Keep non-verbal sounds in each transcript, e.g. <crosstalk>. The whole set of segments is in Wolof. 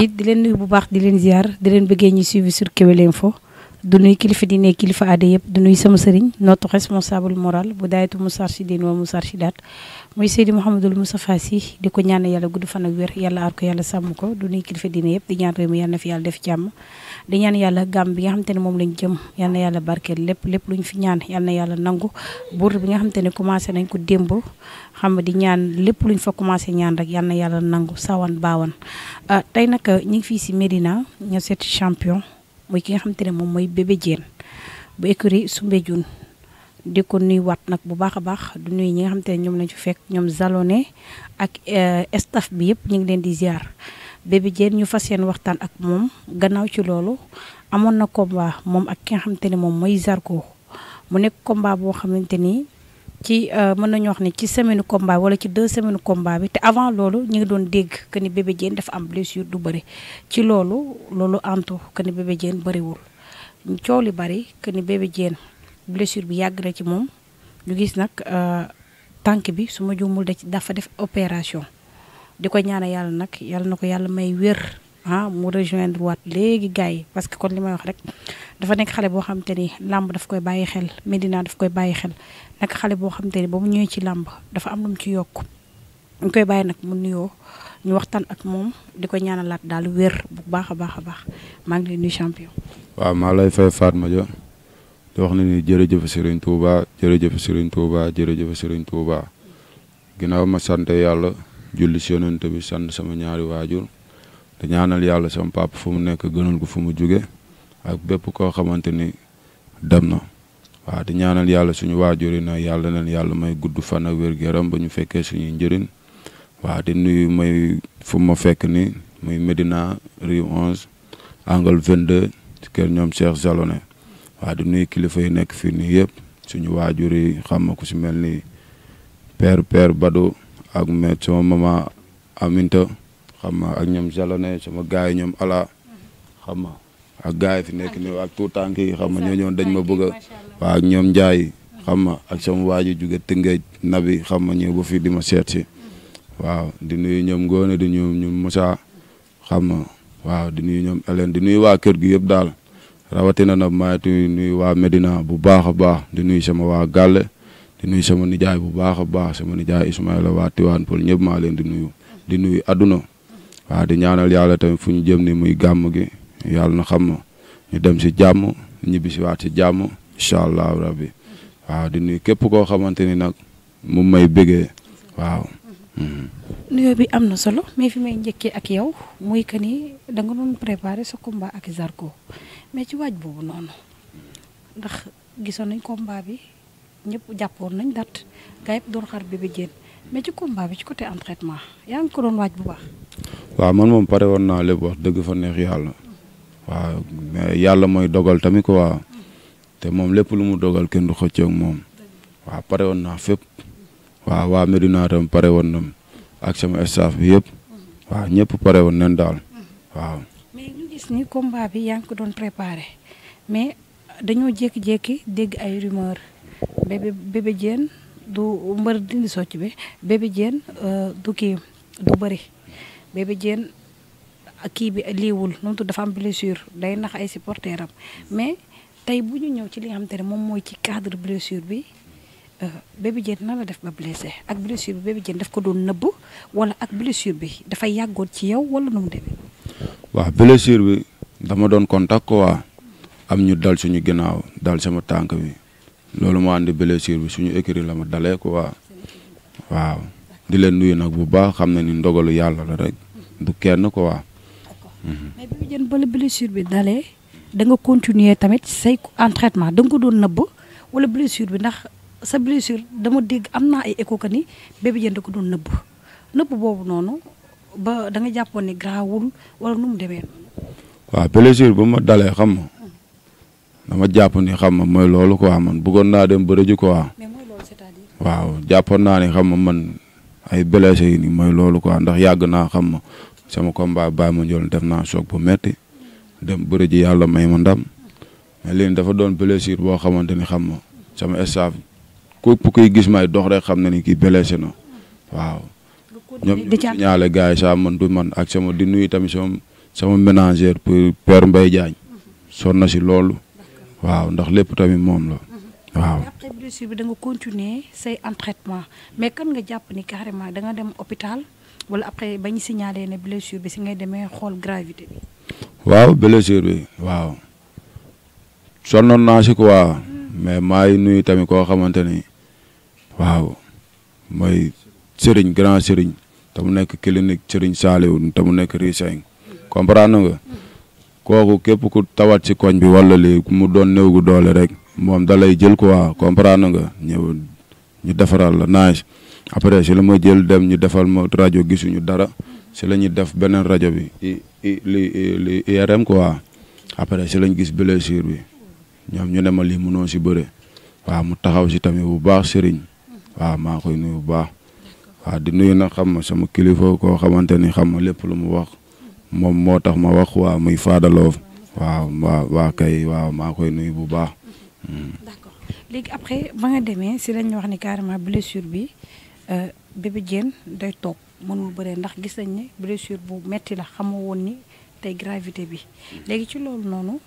di leen nuy bu baax di leen ziar di leen bëggee ñuy suivi sur Kewel Info du nuy kilifa diine kilifa aada yëpp du nuy sama sëriñ notre responsable moral bu daayatu Moustarchidine wa Moustarchidaat muy Seydi Mouhamadul Moustapha Sy di ko ñaan yàlla gudd fan ak wér yàlla aar ko yàlla sàmm ko du nuy kilifa diine yëpp di ñaan réew yàlla fi yàlla def jàmm di ñaan yàlla gàmm bi nga xamante ne moom lañ jëm yal na yàlla barkeel lépp lépp luñ fi ñaan yal yàlla nangu buur bi nga xamante ne commencé nañ ko démb xam nga di ñaan lépp luñ fa commencé ñaan rek yal yàlla nangu sawan baawan ah, tey nag ñu ngi fii si Médina ña seeti champion muy ki nga xamante ne moom mooy Bébé Diène bu écurie Soumbédioune di ko wat nag bu baax a baax du nuy ñi nga xamante ne ñoom lañ fi fekk ñoom Zaloné ak eh, staff bi yëpp ñu ngi leen di ziar Bébé Diène ñu fas yéene waxtaan ak moom gannaaw ci loolu amoon na combat moom ak ki nga xamante ni moom mooy sarko mu nekk combat boo xamante ni ci euh, mën nañu wax ne ci semaine combat wala ci deux semaine combat bi te avant loolu ñu ngi doon dégg que ni Bébé Diène dafa am blessure du bëri ci loolu loolu antu que ni Bébé Diène bëriwul coow li bëri que ni Bébé Diène blessure bi yàgg na ci moom ñu gis nag euh, tànk bi su ma juumul da ci dafa def opération. di ko ñaane yàlla nag yàlla na ko yàlla may wér ah mu rejoindre waat léegi gars yi parce que kon li may wax rek dafa nekk xale boo xamante ni làmb daf koy bàyyi xel Medina daf koy bàyyi xel nag xale boo xamante ni ba mu ñëwee ci làmb dafa am lu mu ci yokk ñu koy bàyyi nag mu nuyoo ñu waxtaan ak moom di ko ñaana laat daal wér bu baax a baax a baax maa ngi lay nuyu champion. waaw maa lay fay Fatma Dia di wax ne ni jërëjëf Serigne Touba jërëjëf Serigne Touba jërëjëf Serigne Touba ma sant yàlla. julli si yonent bi sant sama ñaari waajur te ñaanal yàlla sama papa fu mu nekk gënal ko fu mu jóge ak bépp koo xamante ni dem na waaw di ñaanal yàlla suñu waajur yi na yàlla na yàlla may gudd fan ak wér gu yaram ba ñu fekkee suñuy njëriñ waaw di nuyu may fu ma fekk ni muy Médina rue 11 angle 22 ci kër ñoom Cheikh Zaloné waaw di nuyu kilifa yi nekk fii nii yëpp suñu waajur yi xam nga ku si mel ni père père Bado. ak met sama maman Aminta xam ma ak ñoom Jalone sama gars yi ñoom ala xam ma ak gars yi fi nekk ni ak tout tànk yi xam ma ñoo ñoon dañ ma bëgg a ak ñoom Ndiaye xam ma ak sama mm-hmm. waaji jóge Tëngéej nabi xam ma ñëw ba fii di ma seet si mm-hmm. waaw di nuyu ñoom Ngoone di nuyu ñoom Moussa xam ma waaw di nuyu ñoom di nuyu waa kër gi yëpp daal rawatina na maa ngi nuyu waa Medina bu baax a baax di nuyu sama waa Gàlle di nuyu sama nijaay bu baax a baax sama nijaay Ismaïla waa Tiwaan Pël ñëpp maa leen di nuyu di nuyu àdduna waaw di ñaanal yàlla tamit fu ñu jëm ni muy gàmm gi yàlla na xam ñu dem si jàmm ñibbi si waat si jàmm incha allahu rabbi waaw di nuyu képp koo xamante ni nag mu may bëggee waaw. Mm-hmm. nuyoo bi am na solo mais fi may njëkkee ak yow muy que ni da nga doon préparer sa combat ak Zarko mais ci waaj boobu noonu ndax gisoon nañ komba bi. jàpp jàppoon nañ dat Gayib doon xar Bébé Diène mais ci combat bi ci côté entraînement yaa ngi ko doon waaj bu baax. waaw man moom pare woon naa lépp wax dëgg fa neex yàlla waaw mais yàlla mooy dogal tamit quoi te moom lépp lu mu dogal kenn du xëccoo ak moom waaw pare woon naa fépp waaw waa Medina tam pare woon na ak sama staff bi yëpp waaw ñëpp pare woon nañ daal waaw. mais ñu gis ni combat bi yaa ngi ko doon préparé mais dañoo jékki-jékki dégg ay rumeur. bébé bébé du mbër dindi socc bi bébé Diène euh, du kii du bëri bébé Diène kii bi liiwul noonu dafa am blessure day nax ay supporter am mais tey bu ñu ñëw ci li nga xamante ne moom mooy ci cadre blessure bi euh, Bébé Diène def ba blessé ak blessure bi Bébé def ko doon nëbb wala ak blessure bi dafay yàggoon ci yow wala nu mu demee. waaw blessure bi dama doon contact quoi am ñu dal suñu ginnaaw dal sama tànk bi loolu moo andi blessure bi suñu écurie la ma dalee quoi waaw di leen nuyu nag bu baax xam na ni ndogalu yàlla la rek du kenn quoi. mais bi jën bala blessure bi dalee da nga continuer tamit say entraînement da nga ko doon nëbb wala blessure bi ndax sa dama dégg am naa ay écho que da ko doon nëbb nëbb boobu noonu ba da nga jàppoon ni garaawul wala nu mu demee. waaw blessure bu ma dalee xam nga dama jàpp ni xam nga mooy loolu quoi man bëggoon naa dem bëre ji quoi. mais mooy waaw jàppoon naa ni xam nga man ay blessé yi nii mooy loolu quoi ndax yàgg naa xam ma sama combat Baye Mandione def naa choc bu metti dem bëre ji yàlla may ma ndam mais léegi dafa doon blessure boo xamante ni xam ma sama staff képp kuy gis may dox rek xam na ni kii blessé na waaw. ñoom ñu ñaale gars yi man du man ak sama di nuyu tamit sama sama ménagère pour Père Mbaye na si loolu. waaw ndax lépp tamit moom la. Mhm. waaw après blessure bi da continuer say entraitement mais kan nga jàpp ni carrément da nga dem hôpital wala après ba ñu signalé ne blessure bi si ngay demee xool gravité bi. waaw blessure bi waaw sonnoon naa si quoi mhm. mais maa ngi nuyu tamit koo xamante ni waaw mooy Serigne grand Serigne te mu nekk clinique Serigne Saliou te mu nekk Risseng mhm. comprendre nga. kooku képp ku tawat ci koñ bi wala li mu doon néew gu doole rek moom da lay jël quoi comprendre nga ñëw ñu defaral la naaj après si la ma jël dem ñu defal ma rajo gisuñu dara si la ñuy def beneen rajo bi i i li li IRM quoi après si lañ gis blessure bi ñoom ñu ne ma lii mënoo si bëre waaw mu taxaw si tamit wu baax sëriñ waa maa koy nuyu bu baax waaw di nuyu nag xam ma sama kilifa koo xamante ni xam ma lépp lu mu wax moom moo tax ma wax waaw muy faadaloof waaw waa waa kay waaw maa koy nuyu bu baax. Hmm. d'accord léegi après ba nga demee si lañuy wax ni carrément blessure bi euh, Bébé Diène day toog mënul bëree ndax gis nañ ne blessure bu metti la xamoo woon ni tey gravité bi ci loolu noonu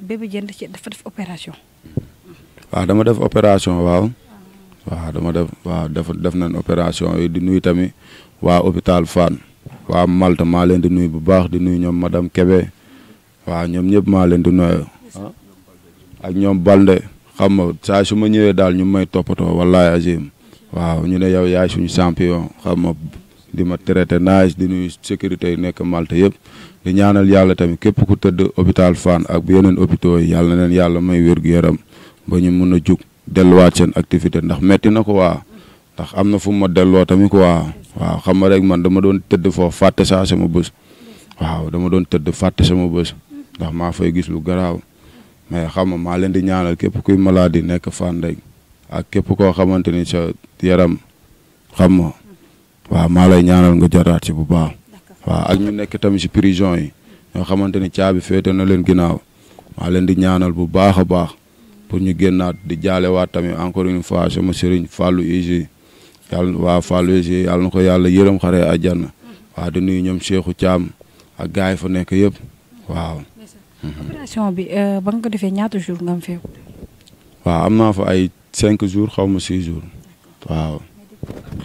Bébé Diène dafa def opération. waaw ah, dama def opération waaw. Ah. Ah, dama def waaw def na nañ opération yi di nuyu tamit waa hôpital Fann. waa Malta maa leen di nuyu bu baax di nuyu ñoom madame Kébé waaw ñoom ñëpp maa leen di nuyu ak ñoom Balde xam nga saa su ma ñëwee daal ñu may toppatoo wallaay azim waaw ñu ne yow yaay suñu champion xam di ma traité naaj di nuyu sécurité yi nekk Malta yëpp di ñaanal yàlla tamit képp ku tëdd hôpital Fann ak yeneen hôpitaux yi yàlla na leen yàlla may wér yaram ba ñu mun a jug delluwaat seen activité ndax metti na ko waa ndax am na fu ma delloo tamit ko waa waaw xam nga rek man dama doon tëdd foofu fàtte saa sama bës waaw dama doon tëdd fàtte sama bës ndax maa fay gis lu garaaw mais xam nga maa leen di ñaanal képp kuy maladie nekk fan rek ak képp koo xamante ni sa yaram xam nga waaw maa lay ñaanal nga jaraat ci bu baax waaw ak ñu nekk tamit si prison yi ñoo xamante ni caabi féete na leen ginnaaw maa leen di ñaanal bu baax a baax pour ñu génnaat di jaalewaat tamit encore une fois sama sëriñ Fallou Igi yàlla waa Fallou Gy yàlla na ko yàlla yërëm xaree àjjana mm-hmm. waaw di ñoom Cheikhou Thiam ak gars yi fa nekk yëpp waaw. Mm-hmm. opération bi euh, ba nga defee ñaata jours nga am waaw am naa fa ay cinq jours xaw ma six jours mm-hmm. waaw.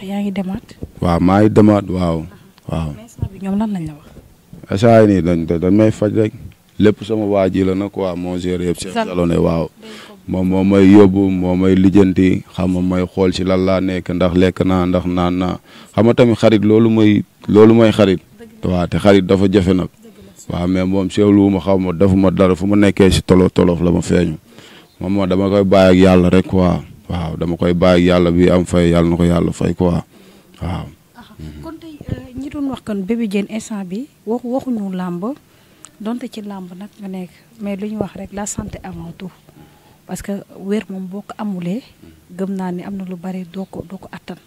yaa ngi demaat. waaw maa ngi demaat waaw. Uh-huh. waaw instant bi ñoom lan lañ faj rek lépp sama waa ji la nag waaw moo géré yëpp. waaw. moom moo may yóbbu moo may lijjanti xam nga may xool ci lan laa nekk ndax lekk naa ndax naan naa xam nga tamit xarit loolu mooy loolu mooy xarit waaw te xarit dafa jafe nag waaw mais moom seewlu wu ma xaw ma dafa ma dara fu ma nekkee si tolof tolof la ma feeñu moom moo dama koy bàyyi yàlla rek quoi waaw dama koy bàyyi yàlla bi am fay yàlla na ko yàlla fay quoi waaw. kon tey euh, bi waxu waxuñu ci làmb nag nga la santé parce que weer moom boo ko amulee mm-hmm. gëm naa ni am na lu bari doo ko doo ko attan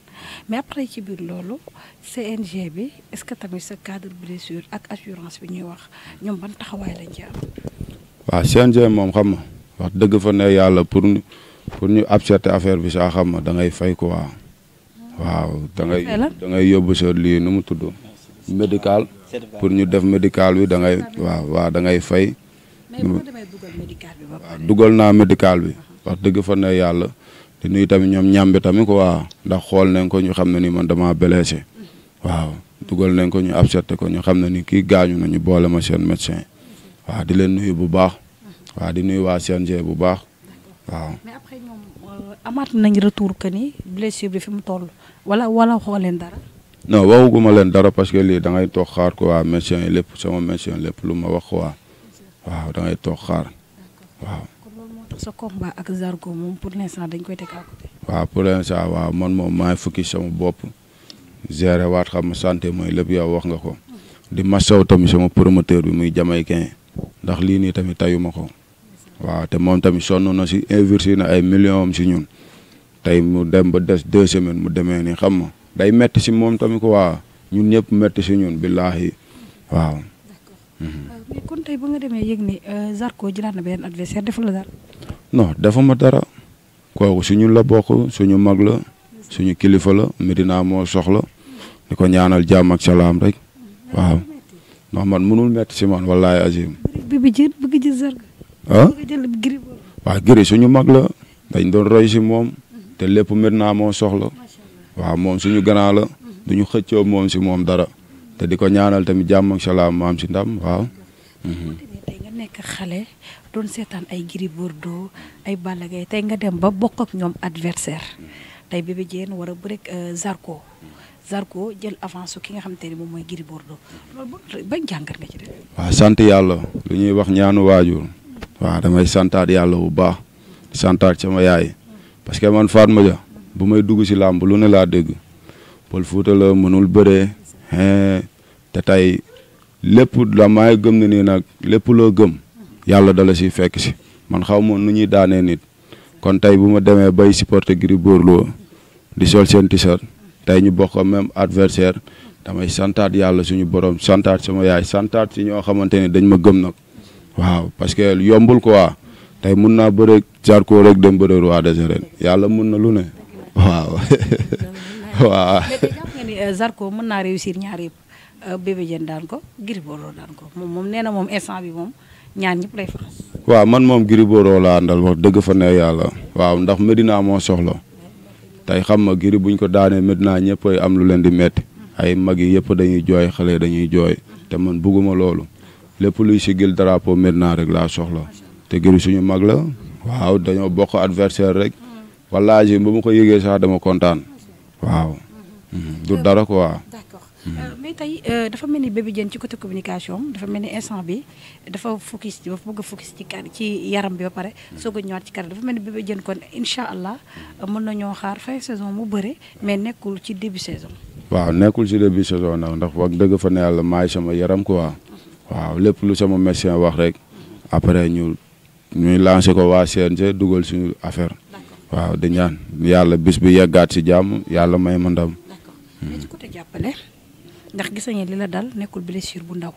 mais après ci biir loolu CNG bi est-ce que tamit sa cadre blessure ak assurance bi ñuy wax ñoom ban taxawaay lañ ci am. waaw CNG moom xam nga wax dëgg fa ne yàlla pour ñu pour ñu accepter affaire bi saa xam ma da ngay fay quoi. waaw da yóbbu sa lii nu mu tudd. médical pour ñu def médical bi da ngay. waaw waaw da ngay fay. Mm. waaw dugal naa médical bi wax dëgg fa ne yàlla di nuy tamit ñoom ñàmbi tamit waa ndax xool nañ ko ñu xam ne ni man dama blessé mm-hmm. waaw dugal nañ ko ñu accepté ko ñu xam ne ni kii gaañu na ñu boole ma seen médecin mm-hmm. waaw di leen nuyu bu baax mm-hmm. waaw di nuyu waa CNG bu baax waaw. mais après ñoom euh, nañ retour que ni blessure bi fi mu toll wala wala waxoo leen dara. non waxuguma leen dara parce que lii da ngay toog xaar ko waa médecin yi lépp sama médecin lépp lu ma wax ko quoi. waaw da ngay toog waaw. kon loolu moo tax sa combat ak Zarko moom dañ koy teg à côté. waaw pour l'instant waaw man moom maay fukki sama bopp gérer waat xam mu sante mooy lépp yow wax nga ko mm-hmm. di masaw tamit sama promoteur bi muy jamaïcain ndax lii nii tamit tayu ma ko waaw te moom tamit sonn na si investir na ay millions am si ñun tey mu dem ba des deux semaines mu demee nii xam ma day metti si moom tamit ko waa ñun ñëpp metti si ñun billaahi mm-hmm. waaw. Euh, mais kon tey ba demee yëg ni euh, Zarko jëlaat dara. non defu suñu la bokk suñu mag la suñu kilifa la Medina moo soxla di ko ñaanal jàmm ak salaam rek waaw man mënul met si man wallaahi azim. bi bi jël bëgg jël Zarko. ah bëgg jël suñu mag la dañ doon roy si moom te lépp Medina moo soxla waaw moom suñu gannaaw la mm-hmm. duñu xëccoo moom si moom dara. te di ko ñaanal tamit jàmm ak salaam maam si ndam waaw. tey nga nekk xale doon seetaan ay Gris Bordeaux ay Balla Gaye tey nga dem ba bokk ak ñoom adversaire tey Bébé Diène war a bëreek euh, Zarko Zarko jël avance ki nga xam xamante ni moom mooy Gris Bordeaux loolu ban jàngat nga ci def. waaw sant yàlla lu ñuy wax ñaanu waajur. waaw damay santaat yàlla bu baax santaat sama yaay parce que man Fatma Dia bu may dugg si làmb lu ne laa dégg Pël Fuuta mënul bëree. te tey lépp damay gëm ne nii nag lépp loo gëm yàlla dala si fekk si man xaw ma nu ñuy daanee nit kon tey bu ma demee bay supporter Gris Bordeaux di sol seen t-shirt tey ñu bokk même adversaire damay santaat yàlla suñu borom santaat sama yaay santaat si ñoo xamante ne dañ ma gëm nag waaw parce que yombul quoi tey mun naa bëre Zarko rek dem bëre roi des arènes yàlla mun na lu ne waaw <laughs> Eh, Zarko mën naa réussir ñaar yëpp eh, daan ko Gris Bordeaux moom na moom instant bi moom ñaar ñëpp lay waaw man moom Gris Bordeaux laa àndal wax dëgg fa ne yàlla waaw ndax Medina moo soxla tey xam ma Gris buñ ko daanee Medina ñëpp am lu leen di metti ay mag yi yëpp dañuy jooy xale dañuy jooy te man bugguma loolu lépp luy sigil daraapo Medina rek laa soxla te Gris suñu mag la waaw dañoo bokk adversaire rek wallaahi ba mu ko yëgee sax dama kontaan waaw. Mm-hmm. du dara quoi. d'accord euh, mais tey euh, dafa mel ni Bébé Diène ci côté communication dafa mel ni instant bi dafa focus dafa bëgg a focus ci kan ci yaram bi ba pare soog a ñëwaat ci dafa mel ni Bébé Diène kon incha allah euh, mën nañoo xaar fin saison mu bëre mais nekkul ci début saison. waaw nekkul ci début saison nag ndax wax dëgg fa ne yàlla maay sama yaram quoi waaw lépp lu sama médecin wax rek après ñu ñuy lancé ko waa CNG dugal suñu affaire waaw dañaan yàlla bis bi yeggaat ci jàmm yàlla may ma ndam. mais ci côté jàppale ndax gis nañu li la dal nekkul blessure bu ndaw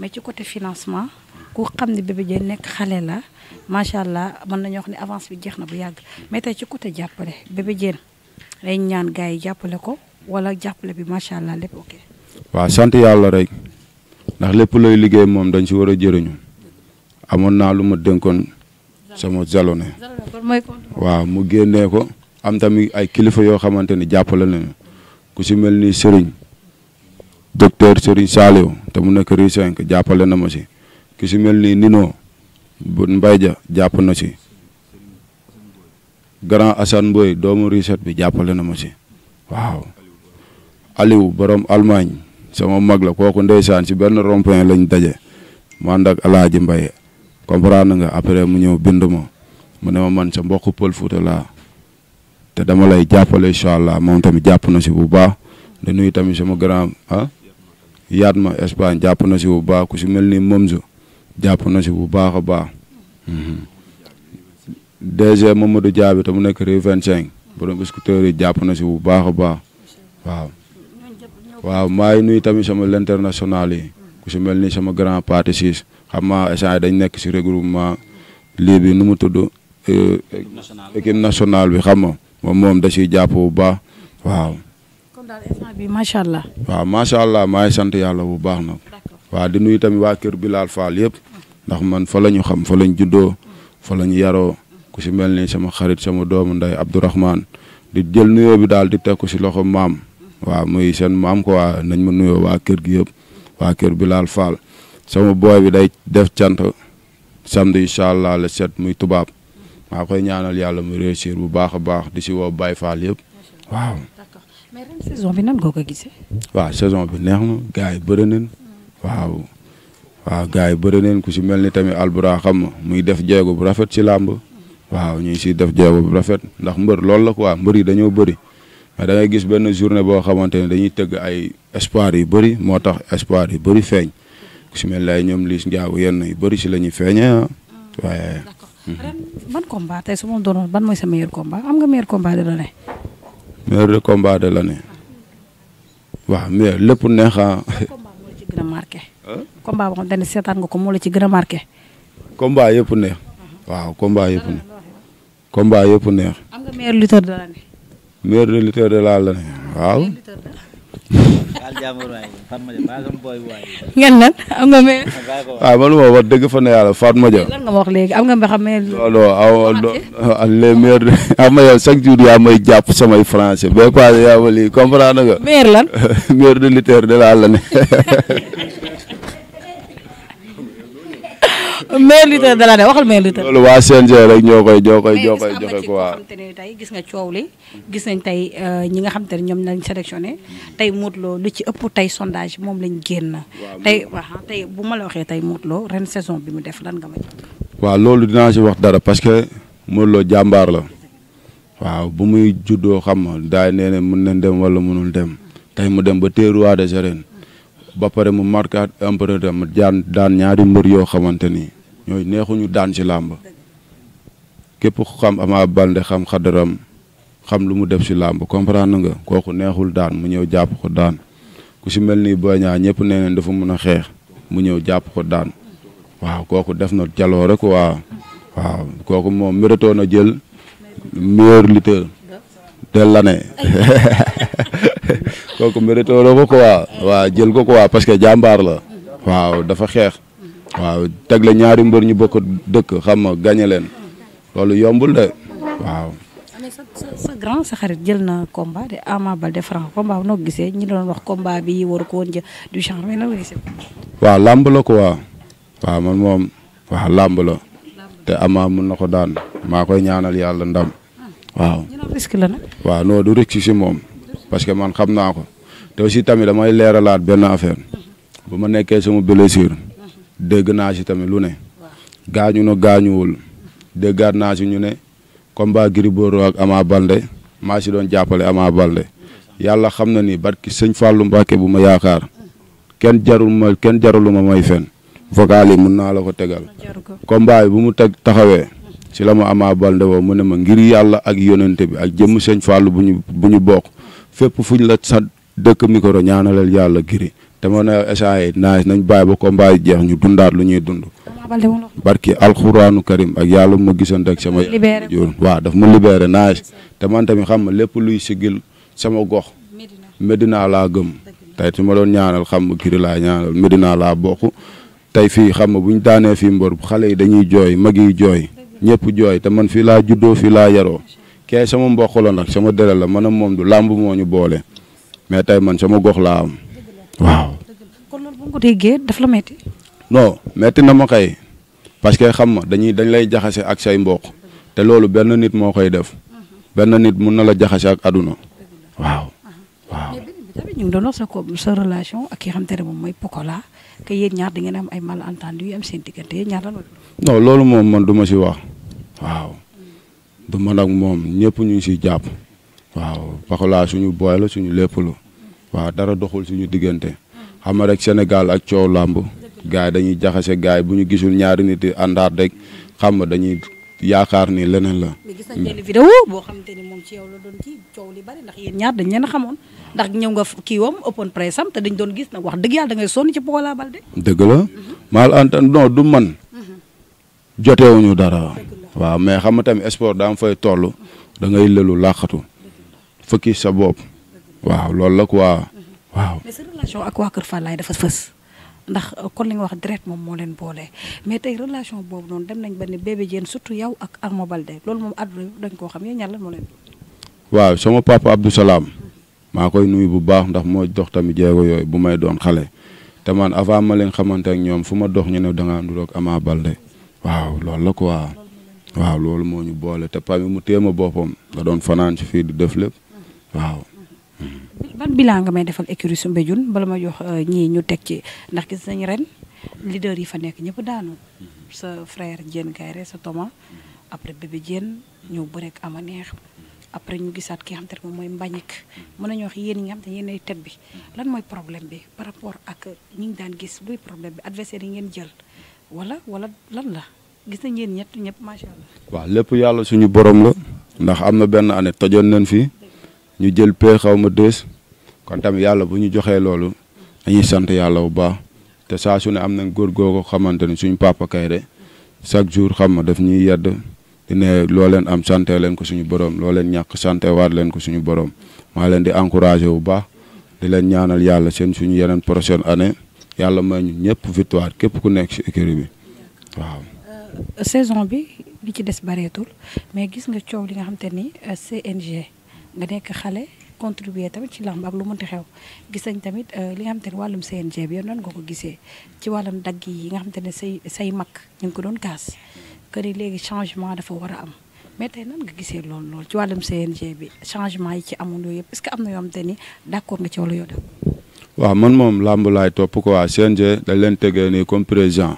mais ci côté financement ku xam ne Bébé Diène nekk xale la macha allah mën nañu wax ne avance bi jeex na bu yàgg mais tey ci côté jàppale Bébé Diène day ñaan gars yi jàppale ko wala jàppale bi macha allah lépp ok. waaw sant yàlla rek ndax lépp looy liggéey moom dañ ci war a jëriñu amoon naa lu ma dénkoon sama jalone waaw mu génnee ko am tamit ay kilifa yoo xamante ni jàppale nañu ku si mel ni Serigne docteur Serigne Saliou te mu nekk Rue 5 jàppale na ma si ku si mel ni Nino bu Mbaye ja jàpp na si grand Assane Mboy doomu Rue 7 bi jàppale na ma si waaw Aliou borom Allemagne sama mag la kooku ndeysaan si benn rond-point lañ daje ma ànd ak Alaaji Mbaye comprendre nga après mu ñëw bind ma mu ne ma man sa mbokk pël Fuuta te dama lay jàppale incha allah moom tamit jàpp na si bu baax di nuyu tami sama grand ah ma Espagne jàpp na si bu baax ku si mel ni Momzo jàpp na si bu baax a baax mhm. DG Mamadou Diaby te mu nekk Rive 25 borom scooters yi jàpp na si bu baax a baax waaw waaw maa ngi nuyu tamit sama l'international yi ku si mel ni sama grand parti siis xam naa échange dañ nekk si regroupement lii bi nu mu tudd euh, équipe national bi xam nga ma moom da ciy jàpp bu baax waaw. kon macha allah. waaw macha allah maay sant yàlla bu baax nag. waa di nuyu tamit waa kër Bilal Fall yëpp ndax man fa la ñu xam fa la ñu juddoo fa la ñu yaroo ku si mel ni sama xarit sama doomu nday Abdourahman di jël nuyoo bi daal di teg ko si loxo maam waaw muy seen maam ko waa nañ ma nuyoo waa kër gi yëpp waa kër Bilal Fall sama booy bi day def cant samedi incha allah le set muy tubaab. maa ko ñaanal yàlla mu réussir bu baax a baax di si woo Baye Fall yëpp waaw. d'accord saison bi nan nga ko gisee. waaw saison bi neex na gars yi bëri nañ waaw waaw yi bëri nañ ku si mel ni tamit Albourakh xam ma muy def jéego bu rafet si làmb waaw ñu ngi siy def jéego bu rafet ndax mbër loolu la quoi mbër yi dañoo bari mais da ngay gis benn journée boo xamante ne dañuy teg ay espoir yu bari moo tax espoir yu bari feeñ ku si mel ni ñoom Liss Ndiago yenn yu bari si la ñuy feeñee ah. mm. Mhm. ban combat tey su ma doonoon ban mooy sa meilleur combat am nga meilleur combat de l'année. meilleur combat de l'année waaw mais lépp neexaa. Ah. combat moo la ci gën a marqué. combat boo xamante ne nga ko moo la ci gën a marqué. combat yëpp neex. waaw combat yëpp neex. combat yëpp neex. am nga meilleur de l'année. meilleur lutteur waaw. ngeen lan am nga mais. waaw ah, man ma wax dëgg fa ne yàlla Fatma Dia. lan nga ma wax léegi am nga ma xam ne. non non nga ah, <laughs> chaque jour yaa may jàpp samay français ba passé yaa ma lii comprendre nga. maire lan. <laughs> maire de lutteur de la ne <laughs> meilleur lutteur de l'année waxal meilleur lutteur. loolu waa CNG rek ñoo koy ñoo koy ñoo koy joxe ko waa. tey gis nga coow li gis nañ tey euh, ñi nga xam te ne ñoom lañ sélectionné tey Modou Lo lu ci ëpp tey sondage moom lañ génn. tey waaw bu ma la waxee tey Modou Lo ren saison bi mu def lan nga ma jox. waaw loolu dinaa si wax dara parce que Modou jàmbaar la waaw bu muy juddoo xam nga nee mën nañ dem wala mënul dem tey mu dem ba teeruwaat de ba pare mu marqué empreinte mu daan daan ñaari mbër yoo xamante ni ñooy neexuñu daan ci làmb képp xam Ama Baldé xam xadaram xam lu mu def ci làmb comprendre nga kooku neexul daan mu ñëw jàpp ko daan ku ci mel ni Boy Niang ñëpp nee nañ dafa mën a xeex mu ñëw jàpp ko daan waaw kooku def na jaloore rek waaw waaw kooku moom méritoo jël meilleur lutteur de <laughs> kooku méritoo na ko quoi jël ko quoi parce que jàmbaar la waaw dafa xeex waaw teg la ñaari mbër ñu bokk dëkk xam nga gañe leen loolu yombul de waaw. sa grand sa xarit jël na combat de Ama Baldé Franc combat noo gisee ñi doon wax combat bi waru ko woon du genre mais noo gisee. waaw làmb la quoi waaw man moom waaw làmb la te Ama mun na ko daan maa koy ñaanal yàlla ndam waaw. risque la nag. waaw non du risque si moom parce que man xam naa ko te aussi tamit damay leeralaat benn affaire bu ma nekkee sama blessure. dégg naa si tamit lu ne. gaañu na gaañuwul. déggaat naa si ñu ne combat Gris Bordeaux ak Ama Balde maa si doon jàppale Ama Balde yàlla xam na ni barki sëñ Fallou Mbacke bu ma yaakaar kenn jarul ma kenn jarul ma may fen vocal yi mun naa la ko tegal. combat bi mu teg taxawee. si la ma Ama Balde woo mu ne ma ngir yàlla ak yonente bi ak jëmm sëñ Fallou bu ñu bu ñu bokk fépp fu ñu la sa dëkk micro ñaanaleel yàlla Gris te ma ne échange yi naaj nañ bàyyi ba combat yi jeex ñu dundaat lu ñuy dund. barki alxuraanu karim ak yàlla ma gisoon rek sama. libéré waaw daf ma libéré naaj. te man tamit xam nga lépp luy sigil sama gox. Medina laa gëm. tey su ñaanal xam nga kiri laa laa bokk. tey fii xam nga bu ñu daanee fii mbor xale yi dañuy jooy mag yi jooy. ñëpp jooy te man fii laa juddoo fii laa yaroo. kee sama mbokk la nag sama dere la man moom du làmb moo ñu boole. mais tey man sama gox laa am. waaw. kon loolu bu daf la metti non metti na ma parce que xam ma dañuy dañ lay jaxase ak say mbokk te loolu benn nit moo koy def benn nit mun na la jaxase ak aduna waaw. waaw mais beneen sa ko sa relation ak ki xam moom mooy Pokola que yéen ñaar ngeen am ay malentendu yu am seen diggante yéen ñaar lan loolu moom man duma ma si wax waaw du man ak moom ñëpp ñu ngi siy jàpp waaw Pokola suñu booy la suñu lépp la. waaw dara doxul suñu diggante xam nga rek Sénégal ak coow làmb gaay dañuy jaxase gaay bu ñu gisul ñaari nit yi àndaat xam nga dañuy yaakaar ni leneen la. boo xamante ñaar dañ leen xamoon ndax ñëw nga kii wam open press am te dañ doon gis nag wax dëgg yàlla da ngay sonn ci Pokola Baldé. dëgg la mal entend non du man. jotewuñu dara. waaw mais xam nga tamit sport daa am fay toll da ngay lëlu làqatu fukki sa bopp. waaw loolu la ko mm-hmm. waaw. mais ak waa Kër Fallaye dafa fës ndax kon euh, li wax direct moom moo leen boole mais tey relation boobu noonu dem nañ ba ne Bébé Diène surtout yow ak Ama Baldé loolu moom àdduna dañ koo xam yéen ñàlla moo leen. waaw sama papa Abdou Salaam maa koy nuyu bu baax ndax moo dox tamit jéego yooyu bu may doon xale te man avant ma leen xamante ak ñoom fu ma dox ñu ne da ngaa nduroog Ama waaw loolu la quoi. waaw loolu moo ñu boole te pami mu téema boppam nga doon fanaan si fii di def lépp waaw ban bilan nga may defal écurie su Mbédioune bala ma jox euh, ñii ñu teg ci ndax gis nañ ren leader yi fa nekk ñëpp daanu sa jën Diène Kairé sa Thomas après bébé Diène ñëw am a neex après ñu gisaat ki xam te ne moom mooy Mbagnick mën nañu wax yéen ñi nga xam te ne yéen bi lan mooy problème bi par rapport ak ñi ngi daan gis luy problème bi adversaire yi ngeen jël wala wala lan la gis nañ yéen ñett ñëpp macha allah. waaw lépp yàlla suñu borom la ndax am na benn année tojoon nañ fi ñu jël pee xaw ma dës kon tamit yàlla bu ñu joxee loolu dañuy sant yàlla bu baax te saa su ne am nañ góor goo ko xamante ni suñu papa Kayre chaque jour xam ma daf ñuy yedd di ne loo leen am sante leen ko suñu borom loo leen ñàkk sante waat leen ko suñu borom maa leen di encouragé bu baax di leen ñaanal yàlla seen suñu yeneen prochaine année yàlla may ñu ñëpp victoire képp ku nekk ci écurie bi waaw. Euh, saison bi li ci des bareetul mais gis nga coow li nga nga nekk xale contribuer tamit ci làmb ak lu mënti xew gis nañ tamit euh, li nga xamante ne wàllum CNG bi yow nga ko gisee ci wàllum dagg yi nga xamante ne say say mag ñu ngi ko doon kaas que ni léegi changement dafa war a am mais tey nan nga gisee lool loolu ci wàllum CNG bi changement yi ci amul yooyu yëpp est que am na yoo xamante ni d'accord nga ci wala yoo def waaw man moom làmb laay topp ko waa CNG dañ leen tegee nii comme président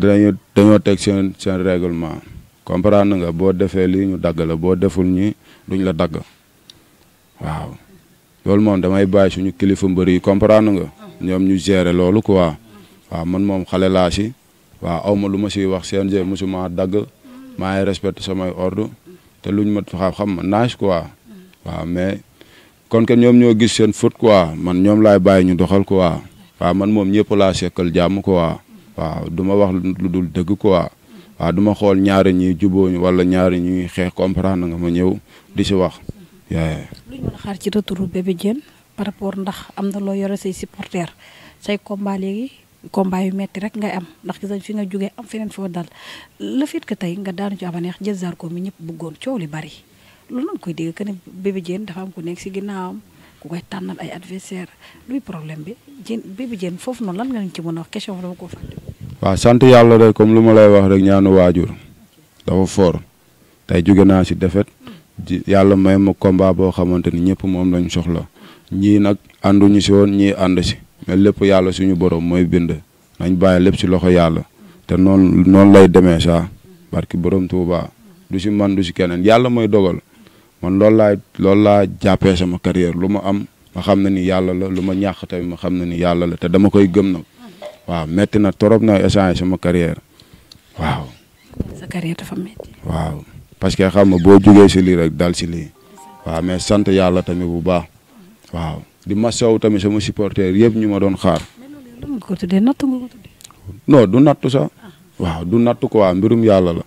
dañu dañoo teg seen seen règlement comprendre nga boo defee lii ñu dagg la boo deful ñi duñ la dagg waaw loolu moom dama damay bàyyi suñu kilifa mbër yi comprendre nga ñoom ñu gérer loolu quoi waaw man moom xale laasi waaw aw ma lu ma si wax CNG mosuma dagg maa ngi sama samay ordre te luñ ma xam ma naaj quoi waaw mais kon que ñoom ñoo gis seen faute quoi man ñoom laay bàyyi ñu doxal quoi waaw man moom ñëpp laa sekkal jàmm quoi waaw du ma wax lu dul dëgg quoi waaw duma ma xool ñaari ñuy jubóoñu wala ñaari ñuy xeex comprendre nga ma ñëw di si wax. lu ñu ci a xaar ci retour Bébé Diène par rapport ndax am na loo yore say supporter say combat léegi combat yu metti rek ngay am ndax gis fi nga jógee am feneen foo dal le fait que tey nga daanu ci abaneex jël Zarko mi ñëpp bëggoon coow li bari lool lañ koy dégg que ne Bébé Diène dafa am ku nekk si ginnaawam ku koy tànnal ay adversaire luy problème bi Diène Bébé Diène foofu noonu lan nga ñu ci moon a wax question dama ko fàtte. waaw sant yàlla rek comme lu ma lay wax rek ñaanu waajur dafa fort tey jóge naa si défaite yàlla may ma combat boo xamante ni ñëpp moom lañ soxla ñii nag ànduñu si woon ñii ànd si mais lépp yàlla suñu borom mooy bind nañ bàyyi lépp si loxo yàlla te noonu noonu lay demee saa barki borom Tuuba du si man du si keneen yàlla mooy dogal man loolu laa loolu laa jàppee sama carrière lu ma am ma xam ne ni yàlla lo lu ma ñàkk tamit ma xam ne ni yàlla la te dama koy gëm nag waaw metti na torop na échange sama sa carrière dafa waaw. parce que xam nga boo jugee si lii rek dal si lii waaw mais sant yàlla tamit bu baax waaw di masaw tamit sama supporter yëpp ñu ma doon xaar. non du nattu sax ah. waaw du nattu ko waa mbirum yàlla la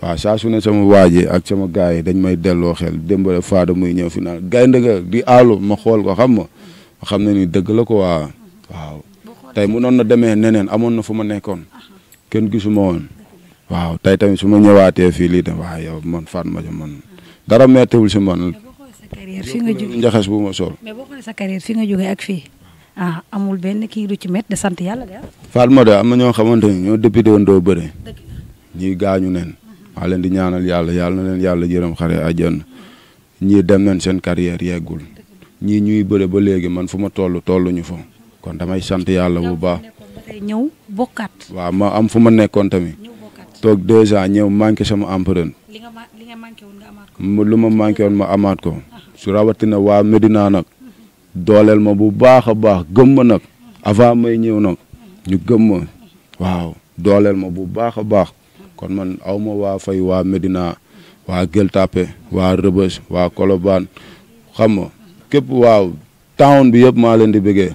waaw saa su ne sama waaji ak sama gars yi dañ may delloo xel démbale faada muy ñëw fi naan gaynde ga di aalu ma xool ko xam ma xam na ni dëgg la ko waa mm-hmm. waaw tey mu noon na demee neneen amoon na fu ma nekkoon kenn gisuma woon waaw tey tamit su ma ñëwaatee fii lii tam man Fatma Diop man dara mettiwul si man. carrière fi bu ma sol. mais boo xoolee ak fii ah, amul benn kii du ci met de sant yàlla de. Ah. Fatma de am na ñoo xamante ne ñoo député woon doo bëre. ñii gaañu nen maa leen di ñaanal yàlla yàlla na leen yàlla jërëm xare àjjana ñii dem nañ seen carrière yeggul ñii ñuy bëre ba léegi man fu ma toll tolluñu fo kon damay sant yàlla bu baax. ñëw bokkaat. am fu ma nekkoon tamit. toog deux ans ñëw manqué sama empreinte. li nga ma li nga manqué woon nga amaat ko. lu ma manqué amaat ko. su rawatina waa Medina nag. dooleel ma bu baax a baax gëm ma nag. avant may ñëw nag. ñu gëmma ma. waaw dooleel ma bu baax a baax. kon man aw ma waa fay waa Medina. waa Gueule Tapée waa Rebeuss waa Colobane xam nga képp waaw town bi yëpp maa leen di bëggee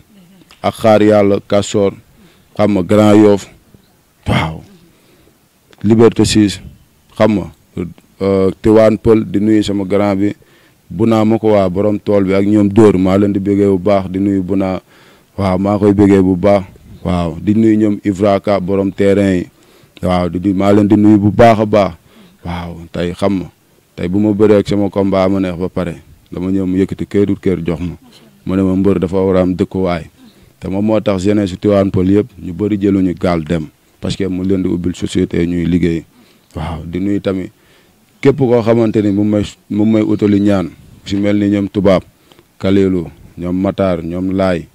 ak xaar yàlla Kastoor xam nga Grand Yoff Liberté 6 xam nga euh, Tiwaan Pël di nuyu sama grand bi Bunaa ma ko waa borom tool bi ak ñoom Dóor maa leen di bëggee bu baax di nuyu Bunaa waaw maa koy bëggee bu baax waaw di nuyu ñoom Ivraka borom terrain yi waaw di maa leen di nuyu bu baax a baax waa tey xam ma tey bu ma bëree ak sama combat ma neex ba pare dama ñëw mu yëkkati këru kër jox ma mu ne ma mbër dafa war a am dëkkuwaay te moom moo tax jeunesse su Tiwaan Pël yëpp ñu bëri jëluñu gaal dem. parce que mu leen di ubbil société ñuy liggéey waaw di nuyu tamit képp koo xamante ni mu may mu may utali ñaan si mel ni ñoom tubaab Kalilu ñoom Matar ñoom Laay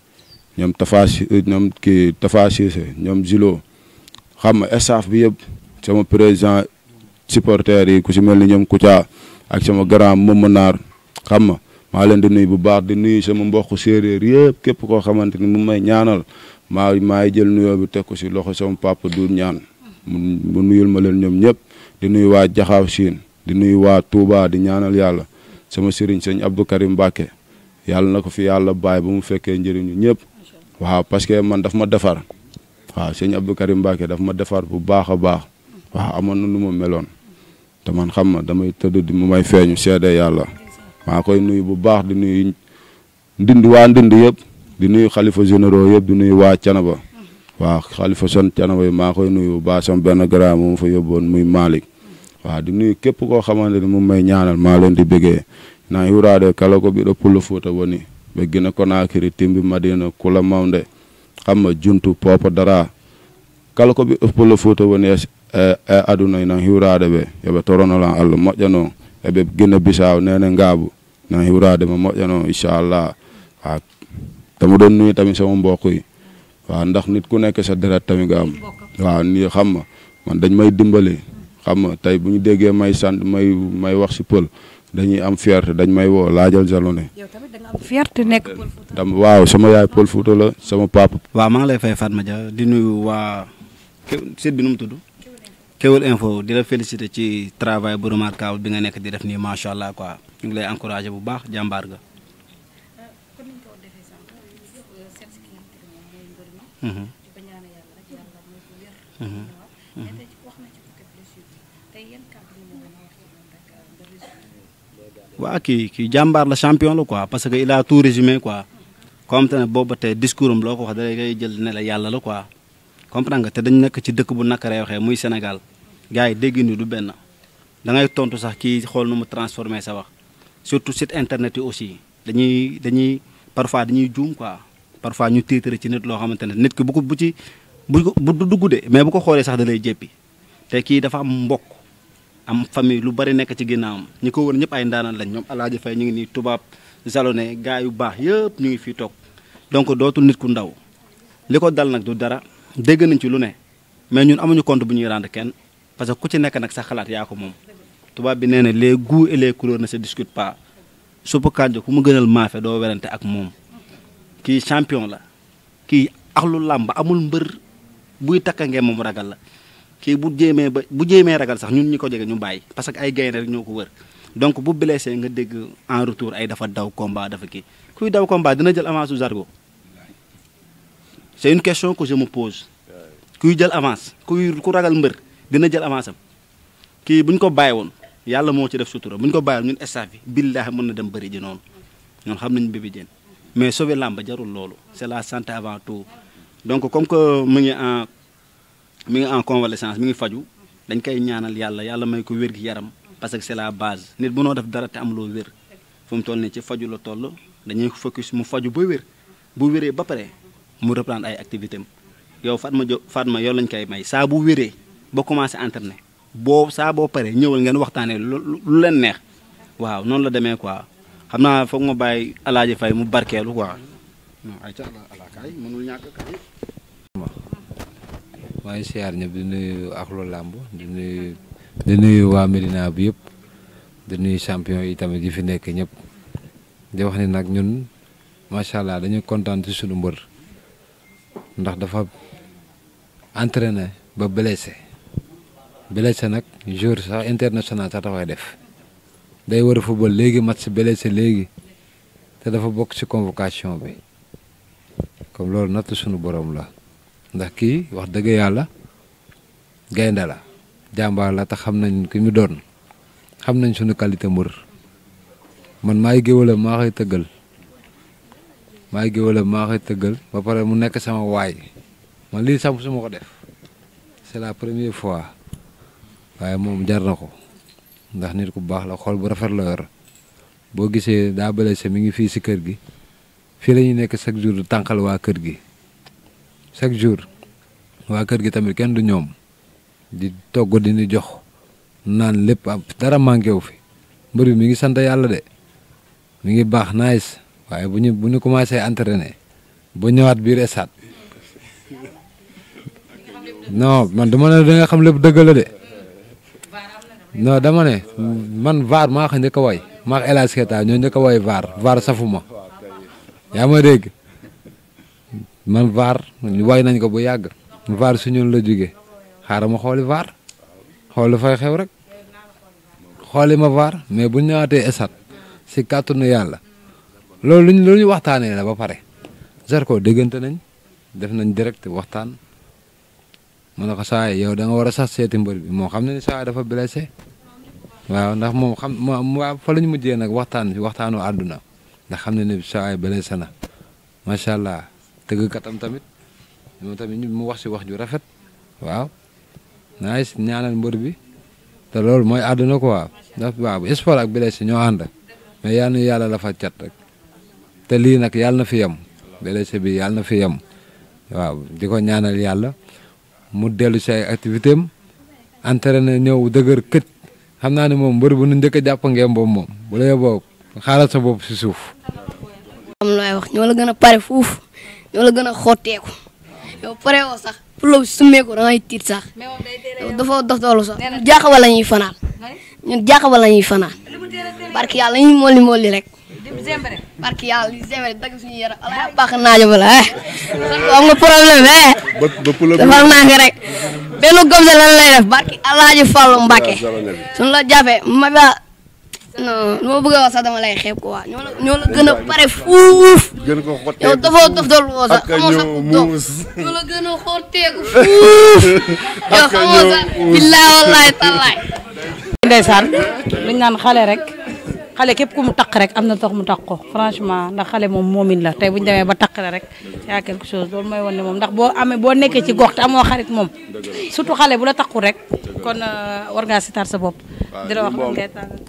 ñoom Tafa euh, ñoom kii Tafa Cissé ñoom Zilo xam nga staff bi yëpp sama président supporters yi ku si mel ni ñoom Koutia ak sama grand Momu Naar xam nga maa leen di nuyu bu baax di nuyu sama mbokk séeréer yëpp képp koo xamante ni mu may ñaanal maa maa jël nuyoo bi teg ko si loxo sama papa du ñaan mu nuyul ma leen ñoom ñëpp di nuyu waa jaxaaw siin di nuyu waa Touba di ñaanal yàlla sama sëriñ sëñ Abdou Karim Mbacke yàlla na ko fi yàlla bàyyi ba mu fekkee njëriñu ñëpp waa parce que man daf ma defar waaw sëñ Abdou Karim Mbacke daf ma defar bu baax a baax waaw amoon na nu ma meloon te man xam ma damay tëdd di mu feeñu seede yàlla maa koy nuyu bu baax di nuyu ndind waa ndind yëpp. di nuyu xalifa généraux yëpp di nuyu waa Canaba waaw xalifa son Canaba yi maa koy nuyu baa sam benn grand moom fa yóbboon muy Malick waaw di nuyu képp koo xamante ni moom may ñaanal maa leen di bëggee na hurade kala ko ɓiɗo pullo fouta woni ɓe gina konakiri timbi madina kula mawde hamma juntu popo dara kala ko ɓiɗɗo pullo fouta woni e, e aduna nan hiwrade ɓe yoɓe toronolan allah moƴƴano eɓe gina bisaw nene ngaabu nan hiwrade ma moƴƴano inchallah dama doon nuyu tamit sama mbokk yi waaw ndax nit ku nekk sa deret tamit nga am waaw nii xam ma man dañ may dimbali xam nga tey bu ñu déggee may sant may may wax si pël dañuy am fierté dañ may woo laajal Jalone. yow tamit nekk pël Fuuta. waaw sama yaay pël Fuuta la sama papa. waaw maa ngi lay fay Fatma Dia di nuyu waa site bi nu mu tudd. Kewel Info di la féliciter ci travail bu remarquable bi nga nekk di def nii macha allah quoi ñu ngi lay encourager bu baax jàmbaar ga Mm-hmm. di ko ñaana mm-hmm. mm-hmm. euh, kii kii jàmbaar la champion la quoi parce que il tout résumé quoi comprendre ne boobu tey discours am loo ko wax da ngay jël ne la yàlla la quoi comprendre nga te dañ nekk ci dëkk bu nakkaree waxee muy Sénégal gars yi dégg ni du benn dangay tontu sax kii xool nu mu transformé sa wax surtout site internet yi aussi dañuy dañuy parfois dañuy juum quoi parfois ñu tiitare ci nit loo xamante ne nit ki bu ko bu ci bu ko bu dugg de mais bu ko xoolee sax da lay te kii dafa am mbokk am famille lu bari nekk ci am ñi ko wër ñëpp ay ndaanaan lañ ñoom alaaji fay ñu ngi nii tubaab jalone gaa yu baax yëpp ñu ngi fii toog donc dootul nit ku ndaw li ko dal nag du dara dégg nañ ci lu ne mais ñun amuñu compte bu ñuy rendre kenn parce que ku ci nekk nag sa xalaat yaa ko moom tubaab bi nee na les goûts et les couleurs ne se discutent pas suppu kànja ku mu gënal maafe doo werante ak moom kii champion la kii axlu làmb amul mbër buy takka ngeen moom ragal la kii bu jéemee ba bu jéemee ragal sax ñun ñi ko jege ñu bàyyi parce que ay gaynde rek ñoo ko wër donc bu blessé nga dégg en retour ay dafa daw combat dafa kii kuy daw combat dina jël avance su Zarko c'est une question que je pose kuy jël avance kuy ku ragal mbër dina jël avance kii bu ñu ko bàyyi woon yàlla moo ci def sutura bu ñu ko bàyyi woon ñun staff bi billaahi mën na dem bëri ji noonu ñun xam nañu Bébé Diène mais sauver làmba jarul loolu c'est la santé avant tout donc comme que mu ngi en mu ngi en convalescence mi ngi faju dañ koy ñaanal yàlla yàlla may ko wér gi yaram parce que c'est la base nit mënoo def dara te am loo wér fu mu toll nii ci faju la toll dañuy focus mu faju ba wér bu wéree ba pare mu reprendre ay activité am yow Fatma jo ma yow lañ koy may saa bu wéree ba commencé enternet boo saa boo paree ñëwal ngeen waxtaanee lu leen neex waaw noonu la demee quoi. xam naa foog ma bàyyi alaaji fay mu barkeelu quoi non mënul ñàkk kaay maa siyaar ñëpp di nuyu axlu làmb di nuyu waa Médina bi yëpp di nuyu champion yi tamit yi fi nekk ñëpp di wax ni nag ñun macha allah dañuy kontaan ci suñu mbër ndax dafa entraîné ba blessé blessé nag jour sax international sax dafay def day war a football léegi match blessé léegi te dafa bokk ci convocation bi comme loolu natt suñu borom la ndax kii wax dëgg yàlla gaynde la jàmbaar la te xam nañ ki mu doon xam nañ sunu qualité mbër man maay géwalam maa koy tëggal maay géwalam maa koy tëggal ba pare mu nekk sama waay man lii sam su ko def c'est la premier fois waaye moom jar na ko ndax nit ku baax la xool bu rafet la yor boo gisee daa blessé mi ngi fii si kër gi fii la ñuy nekk chaque jour du tànqal waa kër gi chaque jour waa kër gi tamit kenn du ñoom di togg di ñu jox naan lépp am dara manqué wu fi mbër bi mi ngi sant yàlla de mu ngi baax nice waaye bu ñu bu ñu commencé entraîner ba ñëwaat biir esaat non man dama ne da xam lépp dëgg la de. non dama ne man vaar maa xam njëkk maa xam El Hadj Keita ñoo njëkk a way vaar vaar safuma yaa ma dégg man vaar way nañ ko bu yàgg vaar su ñun la jóge xaaral ma xooli vaar xooli fay xew rek xooli ma vaar mais bu ñu ñëwaatee esat si kàttanu la loolu lu ñu waxtaanee la ba pare Zarko déggante nañ def nañ direct waxtaan mu ne ko saay yow da nga war a sax seeti mbër bi moo xam ne ni saay dafa blessé waaw ndax moo xam waaw fa la ñu mujjee nag waxtaan waxtaanu àdduna ndax xam ne ni saay blessé na macha allah tëggkatam tamit moom tamit mu wax si wax ju rafet waaw naa ñaanal mbër bi te loolu mooy àdduna ko ndax waaw sport ak blessé ñoo ànd mais yal na yàlla la fa cat rek te lii nag yàlla na fi yem blessé bi yàlla na fi yem waaw di ko ñaanal yàlla. mu dellu si ay activité na entraîné ñëw dëgër kët xam naa ne moom mbër bu nu njëkk jàpp ngeen boobu moom bu la yóbboo xaaral sa bopp si suuf. am laay wax ñoo la gën a pare fuuf ñoo la gën a xotteeku yow pare woo sax pour loolu summeeku da ngay tiit sax yow dafa dof doolu sax ñun jaaxaba la ñuy fanaan ñun jaaxaba la ñuy fanaan barki yàlla ñuy molli molli rek. Zembere. barki yàlla li Zembere dagg suñu yaram ala baax naajo ba eh? la am nga problème eh. defal naa nga Fallu Mbàkke suñu la jafee ma ba non nu ma a wax lay xeeb ko waa ñoo la ñoo la a pare fuuf. gën ko xotteeku yow dafoo daf doon woo sax xamoo ñoo la gën a <laughs> fuuf. yow xamoo sax billaay wallaay tallaay. ndeysaan luñ naan xale rek. xale képp ku mu taq rek am na tax mu taq ko franchement ndax xale moom moomin la tey bu ñu demee ba taq la rek yaa quelque chose loolu mooy wane moom ndax boo amee boo nekkee ci gox te amoo xarit moom surtout xale bu la taqul rek kon euh, war ngaa sitar sa bopp di la wax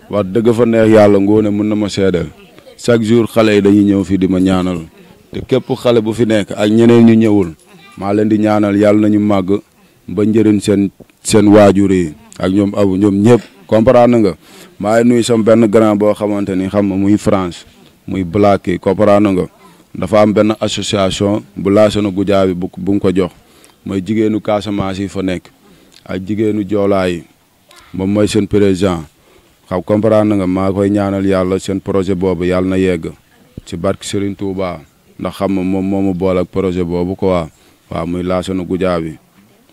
wax dëgg fa neex yàlla ngoone mën na ma seedal chaque jour xale yi dañuy ñëw fii di ma ñaanal te képp xale bu fi nekk ak ñeneen ñu ñëwul maa leen di ñaanal yàlla nañu màgg ba njëriñ seen seen waajur yi ak ñoom abu ñoom ñëpp comprendre nga maa ngi nuyu benn grand boo xamante ni xam nga muy France muy black yi comprendre nga dafa am benn association bu laasana gujaa bi bu bu ko jox mooy jigéenu Casamance yi fa nekk ak jigéenu joolaa yi moom mooy seen président xaw comprendre nga maa koy ñaanal yàlla seen projet boobu yàlla na yegg ci barke Serigne Touba ndax xam nga moom moo mu boole projet boobu kowa waaw muy laasana gujaa bi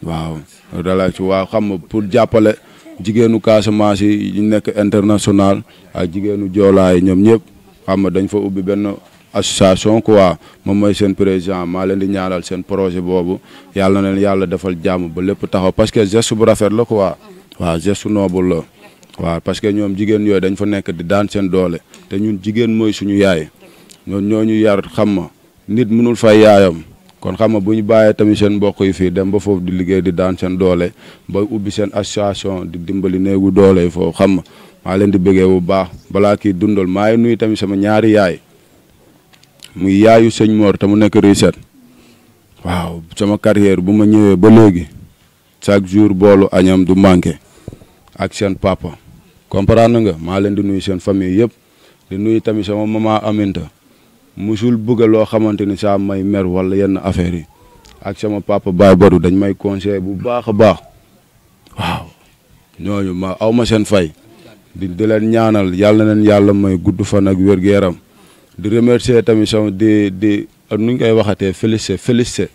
waaw relation waaw xam nga pour jàppale. jigéenu Casamance yi ñu nekk international ak jigéenu joolaa yi ñoom ñëpp xam nga dañ fa ubbi benn association quoi moom mooy seen président maa leen di ñaanal seen projet boobu yàlla neen yàlla defal jàmm ba lépp taxaw parce que geste bu rafet la quoi waaw su noble la waaw parce que ñoom jigéen yooyu dañ fa nekk di daan seen doole te ñun jigéen mooy suñu yaay ñoom ñoo ñu yar xam ma nit mënul fay yaayam. kon xam nga bu ñu bàyyee tamit seen mbokk yi fii dem ba foofu di liggéey di daan seen doole ba ubbi seen association di dimbali néegu doole yi foofu xam nga maa leen di bëggee bu baax balaa kii dundal maa ngi nuyu tamit sama ñaari yaay muy yaayu sëñ Mor te mu nekk Reset waaw sama carrière bu ma ñëwee ba léegi chaque jour boolu añam du manqué ak seen papa comprendre nga maa leen di nuyu seen famille yëpp di nuyu tamit sama maman Aminta. musul bëgg loo xamante ni saa may mer wala yenn affaire yi ak sama papa Baye Badou dañ may conseil bu baax a baax waaw ñooñu ma aw ma seen fay di di leen ñaanal yàlla neen yàlla may gudd fan ak wér yaram di remercier tamit sama di di nu ñu koy waxatee félicité félicité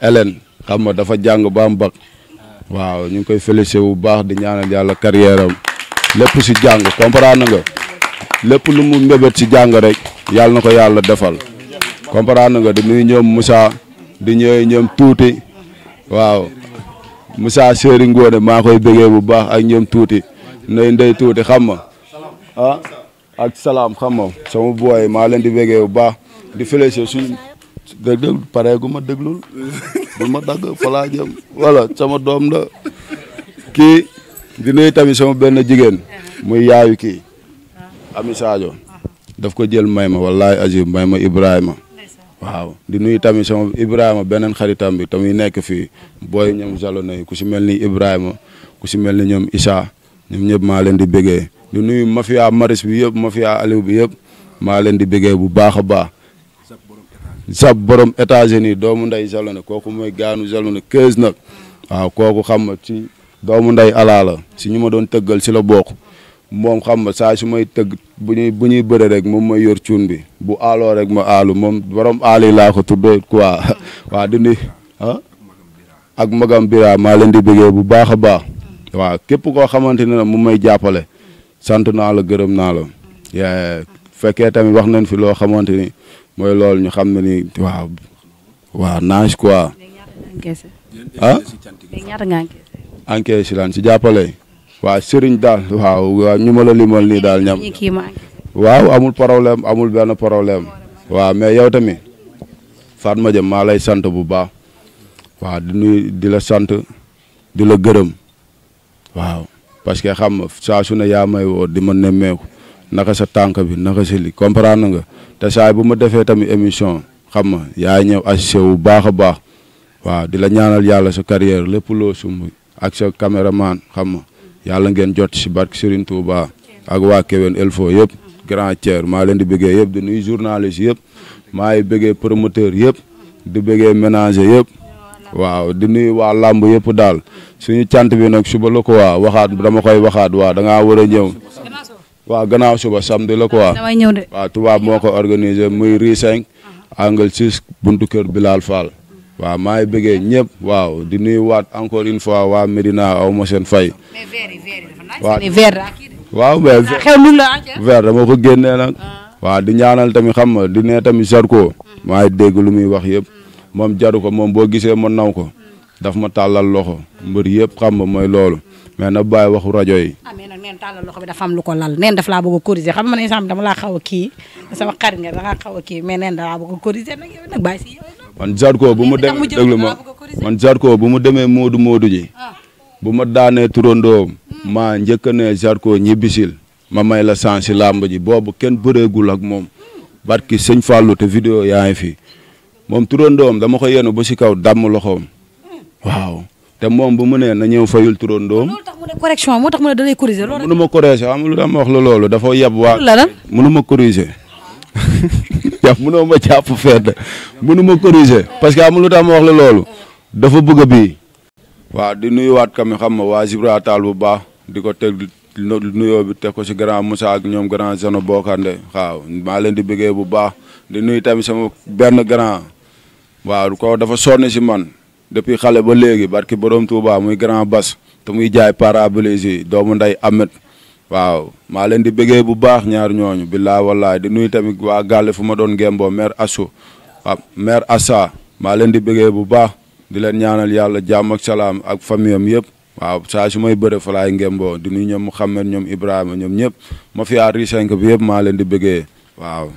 Hélène xam nga dafa jàng ba am waaw ñu ngi koy félicité bu baax di ñaanal yàlla carrière am lépp si jàng comprendre nga lépp lu mu mbébét si jàng rek. yàlla na ko yàlla defal comprendre nga di nuyu ñoom Moussa di ñëw ñoom tuuti waaw Moussa Seri Ngone maa koy bëggee bu baax ak ñoom tuuti ndey tuuti xam ma ah, ak salaam xam ma sama booy maa di bëggee bu baax di félicité suñ dëgg dëgg pare ma déglul bul ma dagg fa laa jëm voilà sama doom la kii di nuyu tamit sama benn jigéen muy yaayu kii Ami Sadio daf ko jël may ma wallaay azim may Ibrahima waaw di nuyu tamit sama Ibrahima beneen xaritam bi yi nekk fii booy ñoom jalona yi ku si mel ni Ibrahima ku si mel ni ñoom Issa ñoom ñëpp maa leen di bëggee di nuyu mafia Maris bi yëpp mafiya Aliou bi yëpp maa leen di bëggee bu baax a baax sab borom États-Unis doomu nday jalona kooku mooy gaanu jalona kees nag waaw kooku xam nga ci doomu nday alala la si ñu ma doon tëggal si la bokk moom xam nga saa su may tëgg bu ñuy bu ñuy bëre rek moom may yor cuun bi bu aaloo rek ma aalu moom borom aali laa ko tu tuddee quoi <laughs> waa di nuyu ah? ak magam bira maa leen di bëggee bu baax a baax waaw képp koo xamante ne mu may jàppale sant naa gërëm naa fekkee tamit wax nañ fi loo xamante ni mooy loolu ñu xam ne ni waaw waaw nage quoi ah encaissé lan si jàppale waaw sëriñ daal waaw waaw ñu ma nii daal ñam waaw amul problème amul benn problème waaw mais yow tamit faat ma jëm maa lay sant bu baax waaw di la sant di la gërëm waaw parce que xam nga saa su ne yaa may di ma nemmeeku naka sa tànk bi naka sa li comprendre nga te saay bu ma defee tamit émission xam nga yaa ñëw assisté bu baax a baax waaw di la ñaanal yàlla sa carrière lépp loo sumb ak sa caméraman xam nga yàlla ngeen jot si barke Serigne Touba ak waa Kewel Elfo yëpp grand tier maa leen di bëggee yëpp di nuy journaliste yëpp maa ngi bëggee promoteur yëpp di bëggee ménager yëpp waaw di nuyu waa làmb yëpp daal suñu cant bi nag suba la ko waa waxaat dama koy waxaat waa danga ngaa war a ñëw gannaaw suba samedi la ko waa waaw tubaab moo ko organisé muy rue 5 angle 6 buntu kër Bilal Fall waaw maa ngi bëggee ñëpp waaw di nuyuwaat encore une fois waa Medina aw ma seen fay. waaw waaw mais ah, ah. waaw di ñaanal tamit xam nga di ne tami Zarko. Hmm. maa ngi dégg lu muy wax yëpp. Hmm. moom jaru ko moom boo gisee man naw ko. Hmm. daf ma tàllal loxo mbër yëpp xam nga mooy loolu. mais na bàyyi waxu rajo yi. ah mais nag neen tàllal loxo bi dafa am lu ko lal neen daf laa bëgg a corriger xam nga man instant laa xaw a kii sama xarit nga da kii man Zarko bu mu demee déglu man Zarko bu mu demee Moodu Moodu ji ah. bu ma daanee turandoom hmm. ma njëkk ne Zarko ñibbisil ma may la sens si làmb ji boobu kenn bëreegul ak moom hmm. barki sëñ Fallou te vidéo yaa ngi fi moom turandoom dama ko yenu bu si kaw dàmm loxoom hmm. waaw te moom bu mu nee na ñëw fayul turandoom. loolu tax mu ne correction moo tax mu da lay corriger loolu mënu ma corriger xam dafa yab waa. mënu ma corriger. <laughs> yow mënoo ma jàpp fedd mënu ma corriger parce que amul lu tax ma la loolu dafa bëgg a bii. waaw di nuyuwaat kami xam ma waa Zibra Taal bu baax di ko teg nuyoo bi teg ko si grand Moussa ak ñoom grand Zeno Bokande waaw maa di bëggee bu baax di nuyu tamit sama benn grand waaw ko dafa sonn si man depuis xale ba léegi barki borom Touba muy grand Bas te muy jaay parabolises yi doomu nday Amet waaw maa leen di bëggee bu baax ñaar ñooñu billaa wallaay di nuyu tamit waa gàlle fu ma doon gémboo mère Assou waaw mère Assa maa leen di bëggee bu baax di leen ñaanal yàlla jàmm ak salaam ak famille am yëpp waaw saa su may bëre fa laay ngémboo di nuyu ñoom Mouhamed ñoom Ibrahima ñoom ñëpp ma fi aar 5 bi yëpp maa leen di bëggee waaw